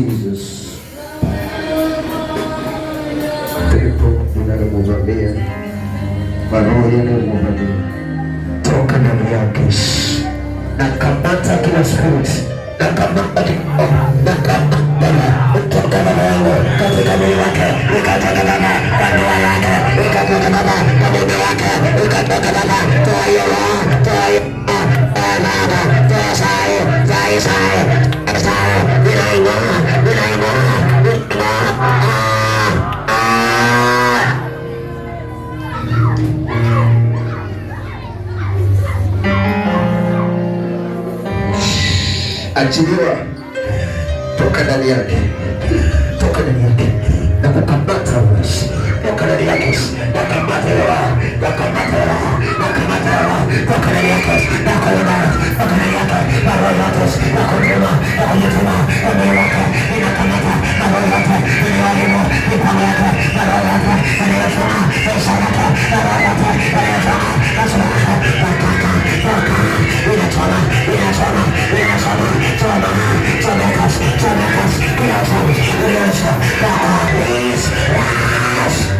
Jesus. toka ndani yake, kila Toa hiyo roho, toa Achiliwa toka ndani yake, toka ndani yake na kukamata, toka ndani yake na kukamata, na kukamata Dawa kwa kona yako na kwa ibara, kwa kona yako na roho yote ya kujuma ya kujituma, eneo lako inakamata na roho yote inayoharibu mipango yako na roho yote inayochoma maisha yako na roho yote inayochoma maisha yako. Nataka toka, inachoma, inachoma, inachoma, choma, chomeka, chomeka, kila choma, kila choma, dawa please, dash.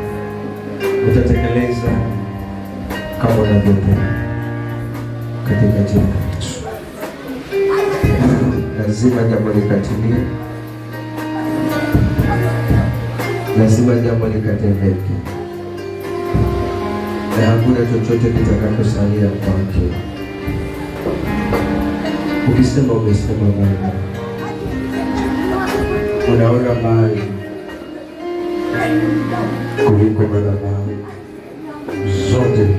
utatekeleza kama unavyopenda katika jina la Yesu. Lazima jambo likatimie, lazima jambo likatendeke, na hakuna chochote kitakachosalia kwake. Ukisema umesema Mungu. Unaona mali kuliko barabara zote ni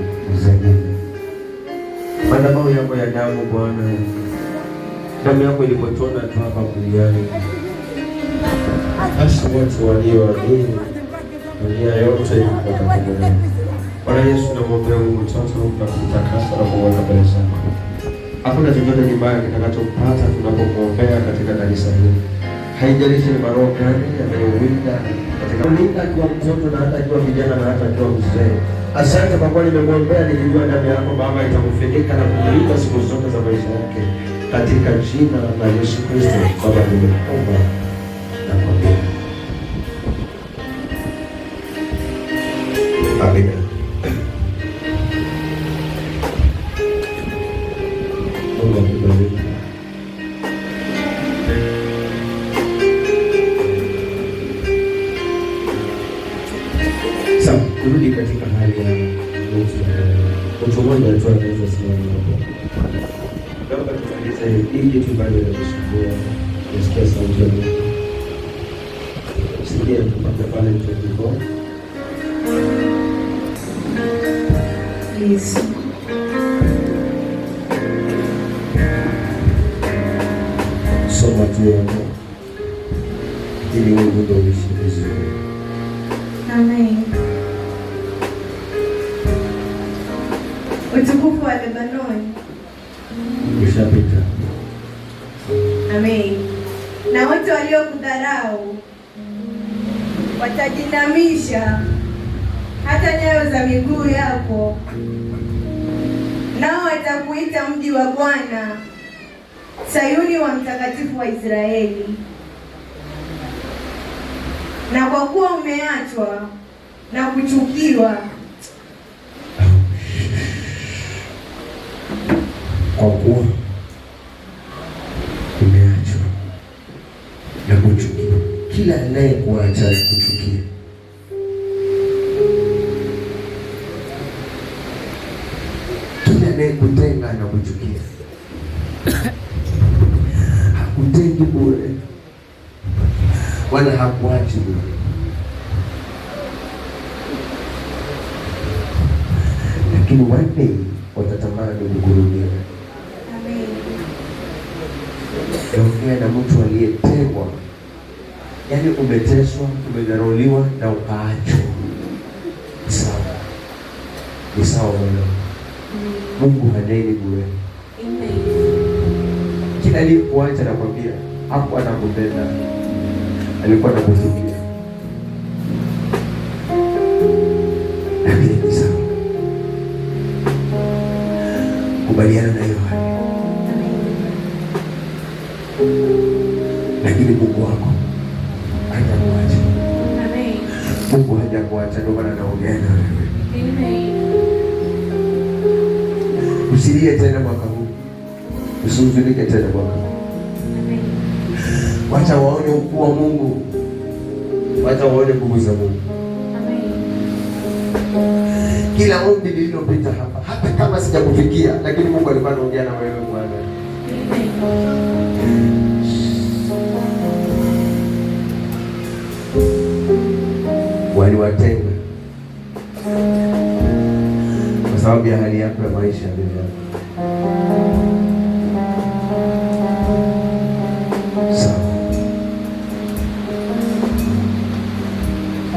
Madhabahu yako ya damu Bwana, damu yako ilipotona tu hapa duniani, basi watu walioamini dunia yote watakuona. Bwana Yesu, namwombea huyu mtoto na kumtakasa na kuona mbele zako. Hakuna chochote kibaya kitakachopata tunapokuombea katika kanisa hili, haijalishi ni maroho gani yanayowinda katika mlinda akiwa mtoto na hata akiwa kijana na hata akiwa mzee. Asante kwa kuwa nimemwombea, nilijua damu yako Baba itakufunika na kumlinda siku zote za maisha yake, katika jina la Yesu Kristo. Baba nimekuomba na kuamini, amina. please. Amen. Utukufu wa Lebanoni ushapita. Amen. Na wote waliokudharau watajinamisha hata nyayo za miguu yako nao atakuita mji wa Bwana, Sayuni wa Mtakatifu wa Israeli. Na kwa kuwa umeachwa na kuchukiwa, kwa kuwa umeachwa na kuchukiwa, kila anayekuacha kuchukia na kuchukia. hakutengi bure, wala hakuachi bure. Lakini wale watatamani kukurudia. Naongea na mtu aliyetegwa, yaani umeteswa, umedharauliwa na ukaachwa. Sawa, ni sawa. Mungu hajaili bure. Kila alipoacha nakwambia, hakuwa anakupenda, alikuwa anakusikia. Kubaliana na hiyo hali, lakini Mungu wako hajakuacha. Mungu hajakuacha, ndio maana anaongea na wewe usilie tena mwaka huu, usihuzunike tena mwaka huu. Wacha waone ukuu wa Mungu, wacha waone nguvu za Mungu. Kila ombi lililopita hapa, hata kama sijakufikia, lakini Mungu alikuwa anaongea na wewe mwana. Waliwatenga sababu ya hali yako ya maisha mbele yako.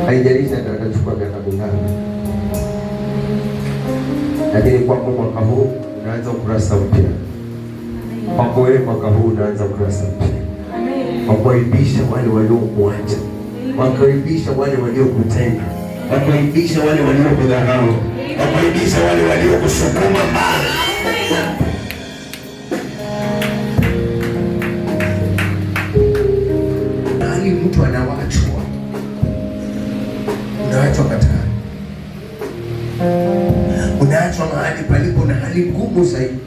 Haijalishi atachukua miaka mingapi, lakini kwako mwaka huu unaanza ukurasa mpya. Kwako wewe mwaka huu unaanza ukurasa mpya kwa wale waliokuacha, kwa wale waliokutenga kwa wale waliokudharau na wale waliokusukuma mbali. Nani mtu anawachwa, unawachwa katani, unaachwa mahali palipo na hali ngumu zaidi,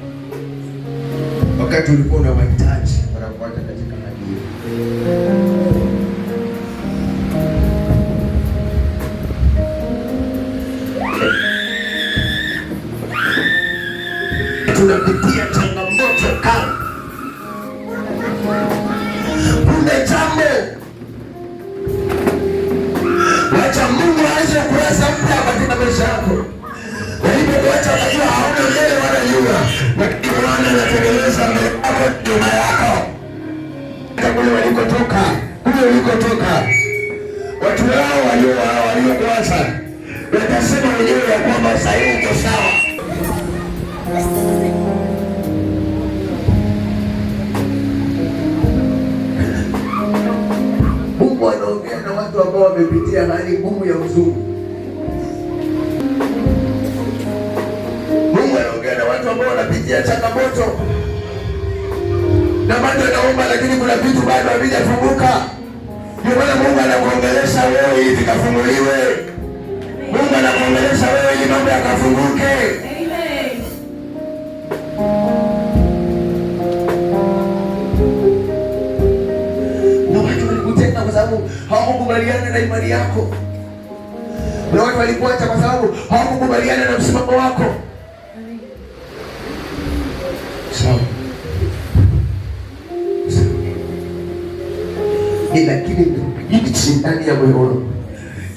wakati ulikuwa unawahitaji tunapitia changamoto kali. Kuna jambo wacha Mungu aweze kuweza mtu katika maisha yako, walivyokuacha unajua hauna mbele wala nyuma, lakini Bwana anatengeneza mbele yako nyuma yako, kule walikotoka, kule walikotoka watu wao waliokuacha watasema wenyewe ya kwamba sahihi uko sawa ambao wamepitia hali ngumu ya uzungu. Mungu anaongea na watu ambao wanapitia changamoto na bado anaomba, lakini kuna vitu bado havijafunguka. Ndio maana Mungu anakuongelesha wewe ili vikafunguliwe. Mungu anakuongelesha wewe ili mambo yakafunguke. sababu hawakukubaliana na imani yako, na watu walikuacha kwa sababu hawakukubaliana na msimamo wako. Sawa, ni lakini ichi ndani ya moyo wako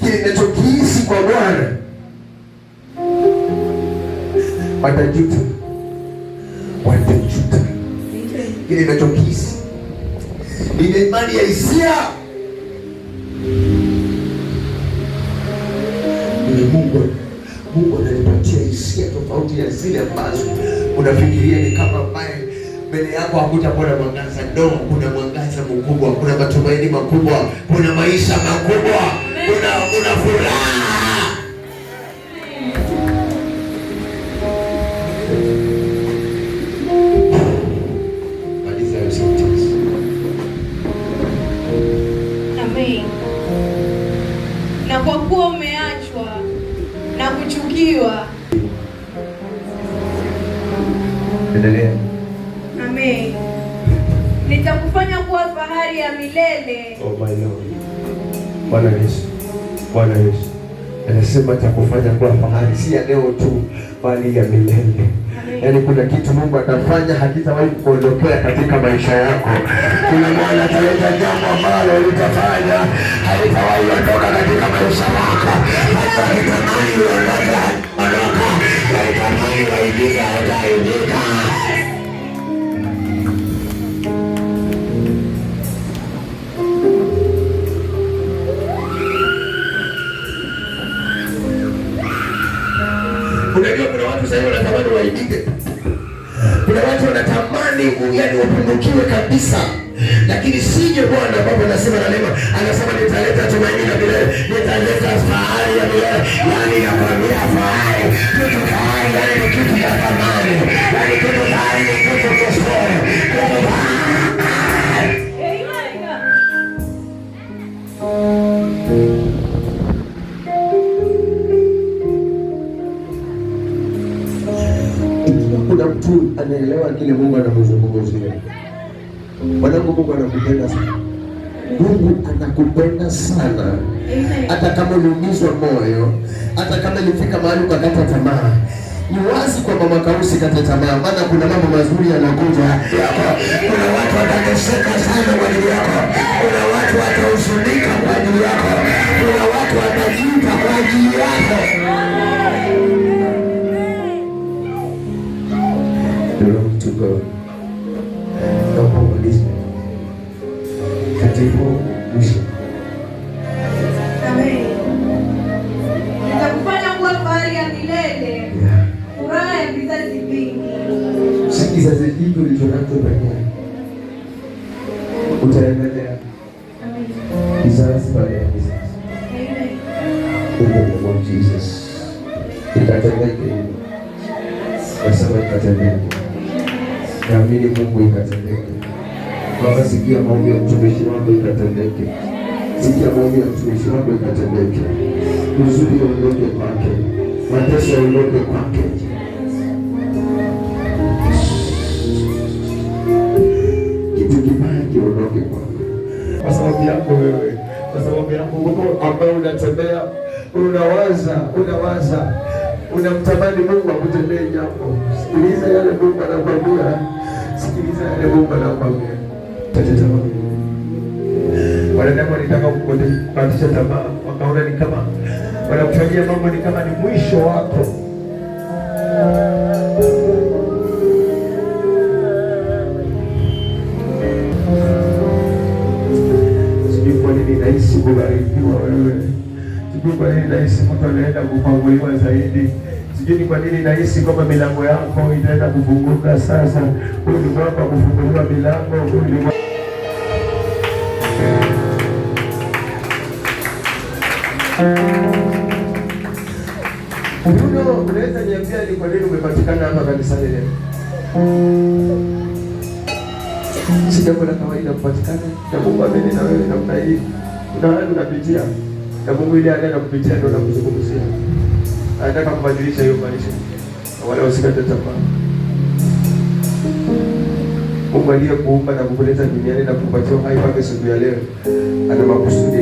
kile ninachokihisi kwa Bwana watajuta, watajuta kile ninachokihisi ile imani ya hisia ni Mungu. Mungu ananipatia hisia tofauti ya zile ambazo unafikiria ni kama mbaya mbele yako hakutakuwa na mwangaza. No, kuna mwangaza mkubwa, kuna matumaini makubwa, kuna maisha makubwa, kuna furaha Bwana Yesu, Bwana Yesu anasema cha kufanya kwa fahari si ya leo tu, bali ya milele. Yaani kuna kitu Mungu atafanya hakitawahi kuondokea katika maisha yako. Kuna mwana ataleta jambo ambalo litafanya halitawahi kuondoka katika maisha yako, halitamani kuondoka, halitamani hata halitamani sasa hiyo wanatamani waipige. Kuna watu wanatamani yani wapungukiwe kabisa, lakini sije Bwana ambapo anasema na neema, anasema nitaleta tumaini la milele, nitaleta fahari ya milele. Yani ya nakwambia fahari kitu kawaida, yani kitu ya thamani, yani kitu kawaida lakini Mungu anamzungumzia. Mwanangu, Mungu anakupenda sana. Mungu anakupenda sana, hata kama uliumizwa moyo, hata kama ilifika mahali ukakata tamaa. Ni wazi kwa mama Kausi kata tamaa, maana kuna mambo mazuri yanakuja. Kuna watu watateseka sana kwa ajili yako, kuna watu watahuzunika kwa ajili yako, kuna Mungu ya mtumishi wangu ikatendeke, sikia Mungu ya mtumishi wako ikatendeke, uzuri uondoke kwake, mateso uondoke kwake kwa sababu yako wewe, kwa sababu yako Mungu ambaye unatembea, unawaza, unawaza, unamtamani Mungu akutendee jambo. Sikiliza yale Mungu anakwambia, sikiliza yale Mungu anakwambia. Wanadamu walitaka kukatisha tamaa, wakaona ni kama wanakufanyia mambo ni kama ni mwisho wako. Sijui kwa nini nahisi kubarikiwa wewe, sijui kwa nini nahisi mtu anaenda zaidi sijui ni kwa nini nahisi kwamba milango yako itaenda kufunguka sasa. Huyu ni mwaka kufunguliwa milango. Bruno, unaweza niambia ni kwa nini umepatikana hapa kanisani leo? Si jambo la kawaida kupatikana, na Mungu na wewe, namna hii unapitia, na Mungu ile anaenda kupitia ndio anakuzungumzia, anataka kubadilisha hiyo maisha na wala usikate tamaa. Mungu aliyekuumba na kukuleta duniani na kukupatia uhai wake siku ya leo ana makusudi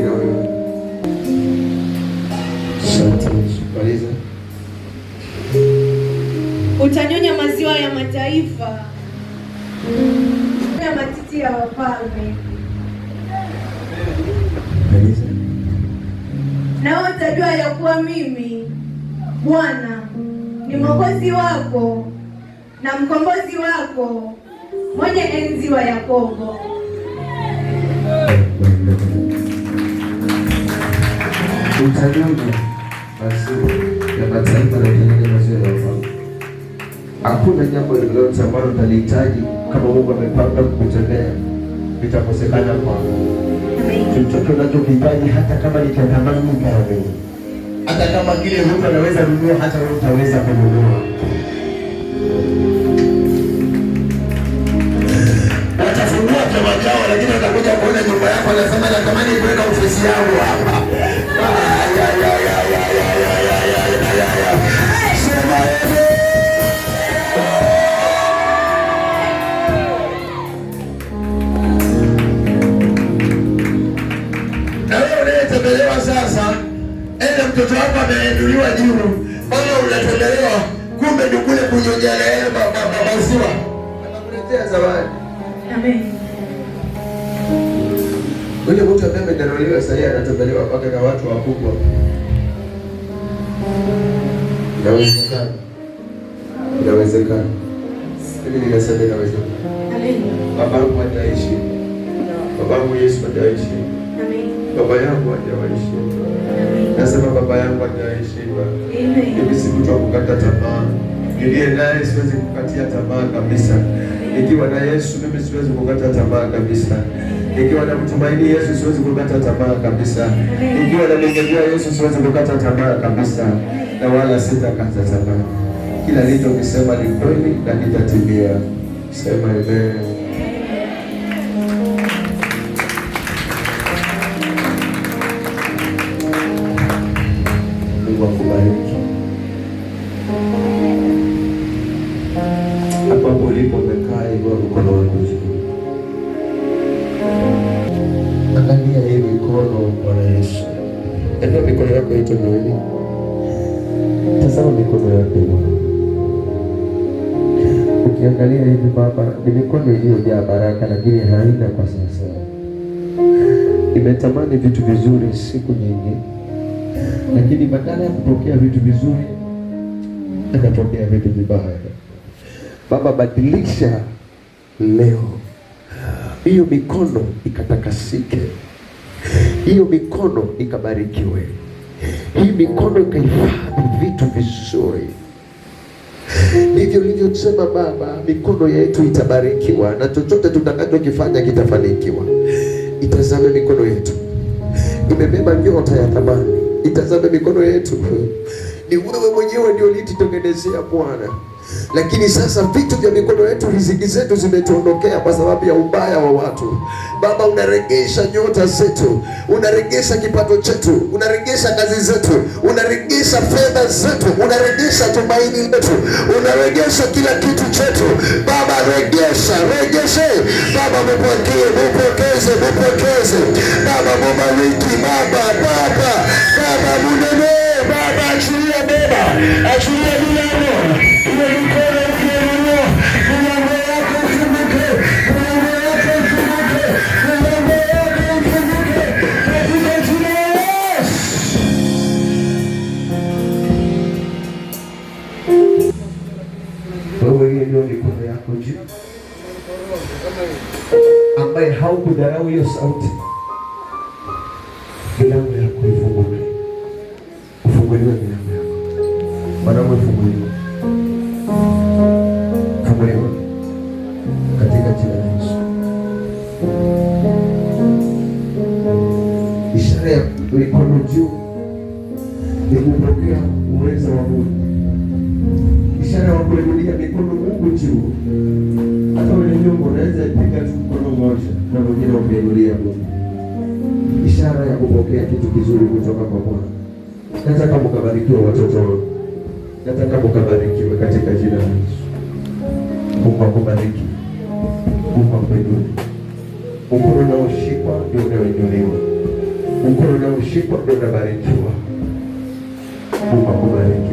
Sikiliza. Utanyonya maziwa ya mataifa ya matiti ya wafalme, Na watajua ya kuwa mimi Bwana ni mwokozi wako na mkombozi wako mwenye enzi wa Yakobo. Utanyonya mazuri ya mataifa na utendaji mazuri ya wafalme. Hakuna jambo lolote ambalo utalihitaji kama Mungu amepanga kukutendea litakosekana kwako. Chochote unachokihitaji, hata kama ni cha hata kama kile Mungu anaweza kununua, hata wewe utaweza kununua. Watafungua chama chao, lakini watakuja kuona nyumba yako, anasema natamani kuweka ofisi yangu hapa. Unatembelewa sasa, ende mtoto ameinuliwa juu, bado unatembelewa, kumbe ni kule kunyonja maziwa, anakuletea zawadi. Amen. Yule mtu ambaye amedharauliwa sasa, anatembelewa mpaka na watu wakubwa. Inawezekana, inawezekana. Mimi ninasema inawezekana. Babangu ataishi, babangu Yesu ataishi, baba yangu hajawaishi. Nasema baba yangu hajaishi. Mimi sikuta kukata tamaa, niliye naye siwezi kukatia tamaa kabisa. Nikiwa na Yesu mimi siwezi kukata tamaa kabisa. Nikiwa na mtumaini Yesu siwezi kukata tamaa kabisa. Nikiwa na mwenyekea Yesu siwezi kukata tamaa kabisa na wala sitakata tamaa. Kila nilichokisema ni kweli na kitatimia. Sema amen. Mungu akubariki hapo ulipo, umekaa mkono angalia hii mikono. Bwana Yesu, inua mikono yako yote miwili sawa mikono yake Bwana. Ukiangalia hivi Baba, ni mikono iliyojaa baraka, lakini haina kwa sasa. Imetamani vitu vizuri siku nyingi, lakini badala ya kupokea vitu vizuri ikatokea vitu vibaya. Baba, badilisha leo, hiyo mikono ikatakasike, hiyo mikono ikabarikiwe hii mikono ikahifadhi vitu vizuri. Ndivyo ulivyosema Baba, mikono yetu itabarikiwa na chochote tutakachokifanya kitafanikiwa. Itazame mikono yetu imebeba nyota ya thamani. Itazame mikono yetu, ni wewe mwenyewe ndio ulitutengenezea Bwana. Lakini sasa vitu vya mikono yetu, riziki zetu zimetuondokea kwa sababu ya ubaya wa watu. Baba, unaregesha nyota zetu, unaregesha kipato chetu, unaregesha kazi zetu, unaregesha fedha zetu, unaregesha tumaini letu, unaregesha kila kitu chetu. Baba, regesha, regeshe Baba, mupokee, mupokeze, mupokeze Baba, mubariki Baba kuelezea mikono juu ni kupokea uwezo wa Mungu, ishara wa kuinulia mikono Mungu juu. Hata wenye nyumba unaweza ipiga tu mkono mmoja na mwingine ukainulia Mungu, ishara ya kupokea kitu kizuri kutoka kwa Bwana. Nataka mukabarikiwa watoto wangu, nataka mkabarikiwe katika jina la Yesu. Mungu akubariki, Mungu akuinue. Mkono unaoshikwa ndio unaoinuliwa. Mkono unaoshikwa ndio unabarikiwa. Mungu akubariki.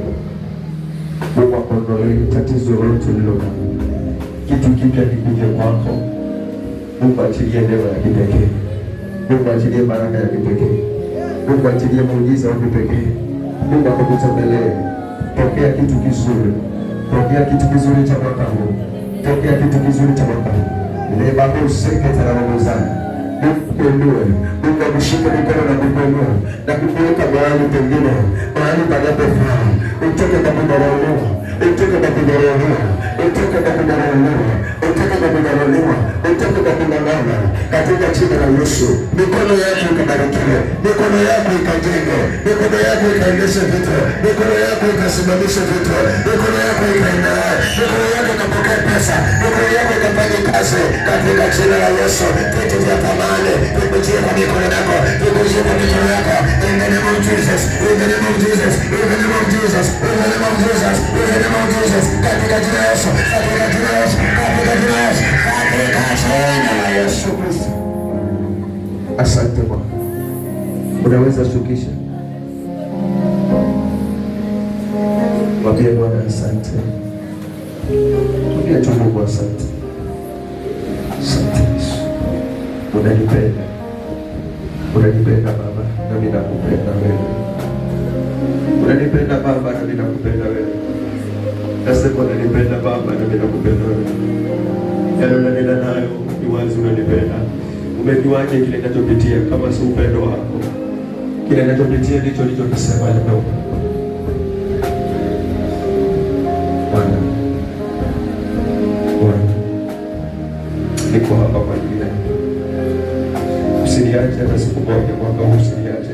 Mungu akuondolee tatizo lote lilo, kitu kipya kikuje kwako. Mungu achilie neema ya kipekee. Mungu achilie baraka ya kipekee. Mungu achilie muujiza wa kipekee. Mungu akukutembelee. Pokea kitu kizuri, pokea kitu kizuri cha mwaka huu, pokea kitu kizuri cha mwaka huu. lebakoseketaraamozana nikuinue, nikakushika mikono na kukuinua na kukuweka mahali pengine, mahali panapofaa. Utoke na kudharauliwa, utoke na kudharauliwa, utoke na kudharauliwa, utoke na kudharauliwa, utoke na kung'ang'ana katika jina la Yesu. Mikono yako ikabarikiwe, mikono yako ikajenge, mikono yako ikaendeshe vitu, mikono yako ikasimamishe vitu, mikono yako ikainaa, mikono yako ikapokea ufunguke pesa, ndoto yako ikafanye kazi katika jina la Yesu. Vitu vya thamani vikujie kwa mikono yako, vikujie kwa mikono yako, in the name of Jesus, in the name of Jesus, in the name of Jesus, in the name of Jesus, in the name of Jesus, katika jina la Yesu, katika jina la Yesu, katika jina la Yesu, katika jina la Yesu Kristo. Asante Bwana, unaweza shukisha Mwambie Bwana asante. Tulia tu Mungu, asante. Asante Yesu. Unanipenda. Unanipenda Baba, nami nakupenda wewe. Unanipenda Baba, nami nakupenda wewe. Nasema unanipenda Baba, nami nakupenda wewe. Yale yaani unanena nayo ni wazi, unanipenda. Umejuaje kile ninachopitia kama si upendo wako? Kile ninachopitia ndicho nilichokisema leo. niko hapa kwa ajili yako. Usiniache hata siku moja, mwaka huu usiniache.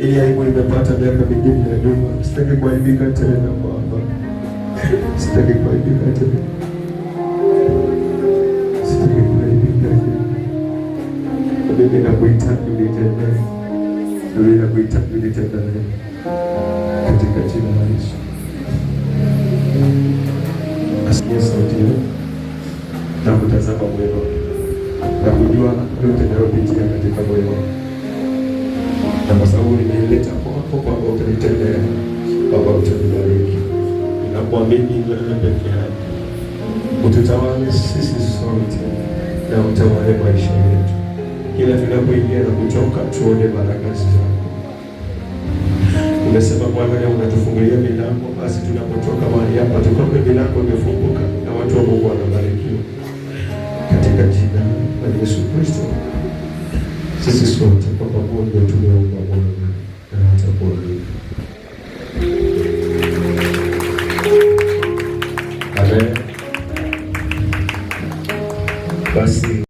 Ili aibu nimepata miaka mingine ya nyuma, sitaki kuaibika tena Baba, sitaki kuaibika tena, sitaki kuaibika Mimi nakuhitaji unitendee, mimi nakuhitaji unitendee katika jina la Yesu. kusikia sauti yako na kutazama mwema na kujua yote nayopitia katika mwema, na kwa sababu nimeleta kwako, kwamba utanitendea, kwamba utanibariki. Ninakuamini wewe peke yako, ututawale sisi sote na utawale maisha yetu, kila tunapoingia na kutoka, tuone baraka zako. Umesema Bwana leo unatufungulia milango, basi tunapotoka mahali hapa tukombe milango imefunguka na watu wa Mungu wanabarikiwa katika jina la Yesu Kristo. Sisi sote kwa pamoja tumeomba Bwana.